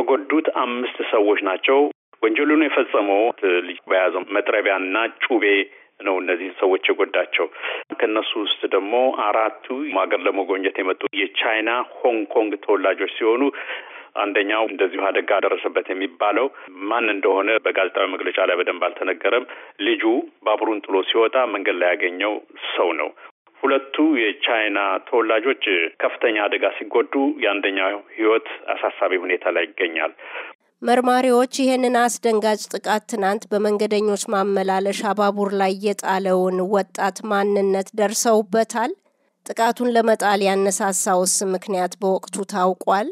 የተጎዱት አምስት ሰዎች ናቸው። ወንጀሉን የፈጸመው ልጅ በያዘው መጥረቢያና ጩቤ ነው እነዚህ ሰዎች የጎዳቸው። ከእነሱ ውስጥ ደግሞ አራቱ ሀገር ለመጎብኘት የመጡ የቻይና ሆንግ ኮንግ ተወላጆች ሲሆኑ አንደኛው እንደዚሁ አደጋ ደረሰበት የሚባለው ማን እንደሆነ በጋዜጣዊ መግለጫ ላይ በደንብ አልተነገረም። ልጁ ባቡሩን ጥሎ ሲወጣ መንገድ ላይ ያገኘው ሰው ነው። ሁለቱ የቻይና ተወላጆች ከፍተኛ አደጋ ሲጎዱ፣ የአንደኛው ህይወት አሳሳቢ ሁኔታ ላይ ይገኛል። መርማሪዎች ይህንን አስደንጋጭ ጥቃት ትናንት በመንገደኞች ማመላለሻ ባቡር ላይ የጣለውን ወጣት ማንነት ደርሰውበታል። ጥቃቱን ለመጣል ያነሳሳውስ ምክንያት በወቅቱ ታውቋል?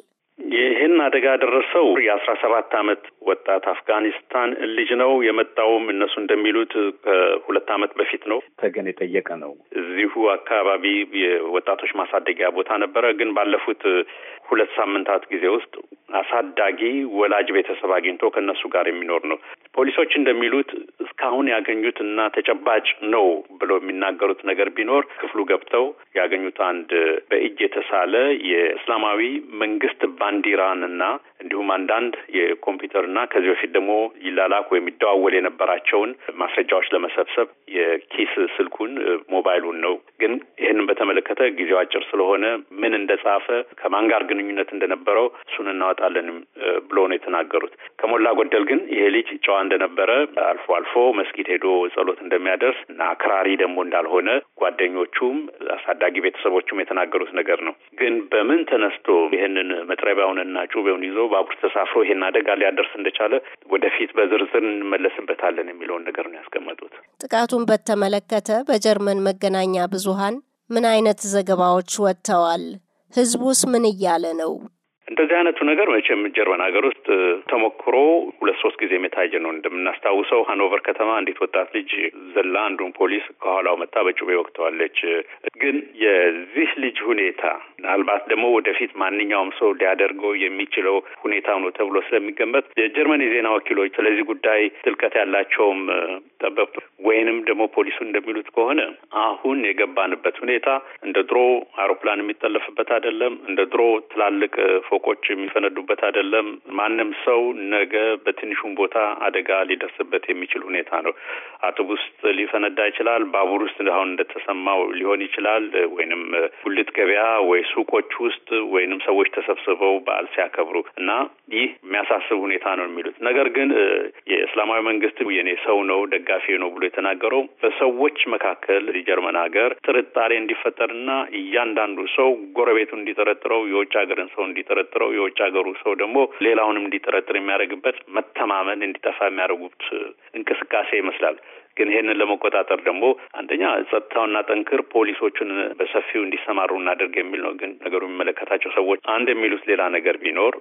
አደጋ ደረሰው የአስራ ሰባት አመት ወጣት አፍጋኒስታን ልጅ ነው። የመጣውም እነሱ እንደሚሉት ከሁለት አመት በፊት ነው። ተገን የጠየቀ ነው። እዚሁ አካባቢ የወጣቶች ማሳደጊያ ቦታ ነበረ። ግን ባለፉት ሁለት ሳምንታት ጊዜ ውስጥ አሳዳጊ ወላጅ ቤተሰብ አግኝቶ ከእነሱ ጋር የሚኖር ነው። ፖሊሶች እንደሚሉት እስካሁን ያገኙት እና ተጨባጭ ነው ብለው የሚናገሩት ነገር ቢኖር ክፍሉ ገብተው ያገኙት አንድ በእጅ የተሳለ የእስላማዊ መንግስት ባንዲራን እና እንዲሁም አንዳንድ የኮምፒውተርና ከዚህ በፊት ደግሞ ይላላክ ወይም ይደዋወል የነበራቸውን ማስረጃዎች ለመሰብሰብ የኪስ ስልኩን ሞባይሉን ነው። ግን ይህንን በተመለከተ ጊዜው አጭር ስለሆነ ምን እንደጻፈ ከማን ጋር ግንኙነት እንደነበረው እሱን እናወጣለን ብሎ ነው የተናገሩት። ከሞላ ጎደል ግን ይሄ ልጅ ጨዋ እንደነበረ አልፎ አልፎ መስጊድ ሄዶ ጸሎት እንደሚያደርስ እና አክራሪ ደግሞ እንዳልሆነ ጓደኞቹም አሳዳጊ ቤተሰቦቹም የተናገሩት ነገር ነው። ግን በምን ተነስቶ ይህንን መጥረቢያውንና ጩቤውን ይዞ ባቡር ተሳፍሮ ይሄን አደጋ ሊያደርስ እንደቻለ ወደፊት በዝርዝር እንመለስበታለን የሚለውን ነገር ነው ያስቀመጡት። ጥቃቱን በተመለከተ በጀርመን መገናኛ ብዙሃን ምን አይነት ዘገባዎች ወጥተዋል? ህዝቡስ ምን እያለ ነው? እንደዚህ አይነቱ ነገር መቼም ጀርመን ሀገር ውስጥ ተሞክሮ ሁለት ሶስት ጊዜ የታየ ነው። እንደምናስታውሰው ሀኖቨር ከተማ እንዴት ወጣት ልጅ ዘላ አንዱን ፖሊስ ከኋላው መታ በጩቤ ወቅተዋለች። ግን የዚህ ልጅ ሁኔታ ምናልባት ደግሞ ወደፊት ማንኛውም ሰው ሊያደርገው የሚችለው ሁኔታ ነው ተብሎ ስለሚገመት የጀርመን የዜና ወኪሎች ስለዚህ ጉዳይ ጥልቀት ያላቸውም ጠበብቱ ወይንም ደግሞ ፖሊሱ እንደሚሉት ከሆነ አሁን የገባንበት ሁኔታ እንደ ድሮ አውሮፕላን የሚጠለፍበት አይደለም፣ እንደ ድሮ ትላልቅ ፎቆች የሚፈነዱበት አይደለም። ማንም ሰው ነገ በትንሹም ቦታ አደጋ ሊደርስበት የሚችል ሁኔታ ነው። አውቶቡስ ውስጥ ሊፈነዳ ይችላል። ባቡር ውስጥ አሁን እንደተሰማው ሊሆን ይችላል። ወይንም ጉልት ገበያ ወይ ሱቆች ውስጥ ወይንም ሰዎች ተሰብስበው በዓል ሲያከብሩ እና ይህ የሚያሳስብ ሁኔታ ነው የሚሉት ነገር ግን የእስላማዊ መንግስት የኔ ሰው ነው ደጋፊ ነው ብሎ የተናገረው በሰዎች መካከል የጀርመን ሀገር ጥርጣሬ እንዲፈጠርና እያንዳንዱ ሰው ጎረቤቱን እንዲጠረጥረው፣ የውጭ ሀገርን ሰው እንዲጠረጥረው፣ የውጭ ሀገሩ ሰው ደግሞ ሌላውንም እንዲጠረጥር የሚያደርግበት መተማመን እንዲጠፋ የሚያደርጉት እንቅስቃሴ ይመስላል። ግን ይሄንን ለመቆጣጠር ደግሞ አንደኛ ጸጥታውና ጠንክር ፖሊሶቹን በሰፊው እንዲሰማሩ እናደርግ የሚል ነው። ግን ነገሩ የሚመለከታቸው ሰዎች አንድ የሚሉት ሌላ ነገር ቢኖር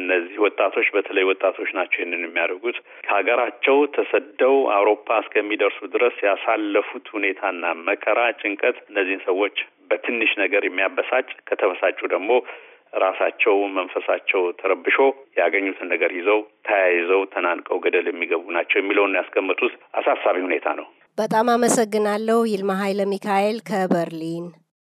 እነዚህ ወጣቶች በተለይ ወጣቶች ናቸው ይህንን የሚያደርጉት ከሀገራቸው ተሰደው አውሮፓ እስከሚደርሱ ድረስ ያሳለፉት ሁኔታና መከራ፣ ጭንቀት እነዚህን ሰዎች በትንሽ ነገር የሚያበሳጭ ከተበሳጩ ደግሞ ራሳቸው መንፈሳቸው ተረብሾ ያገኙትን ነገር ይዘው ተያይዘው ተናንቀው ገደል የሚገቡ ናቸው የሚለውን ያስቀመጡት አሳሳቢ ሁኔታ ነው። በጣም አመሰግናለሁ። ይልማ ኃይለ ሚካኤል ከበርሊን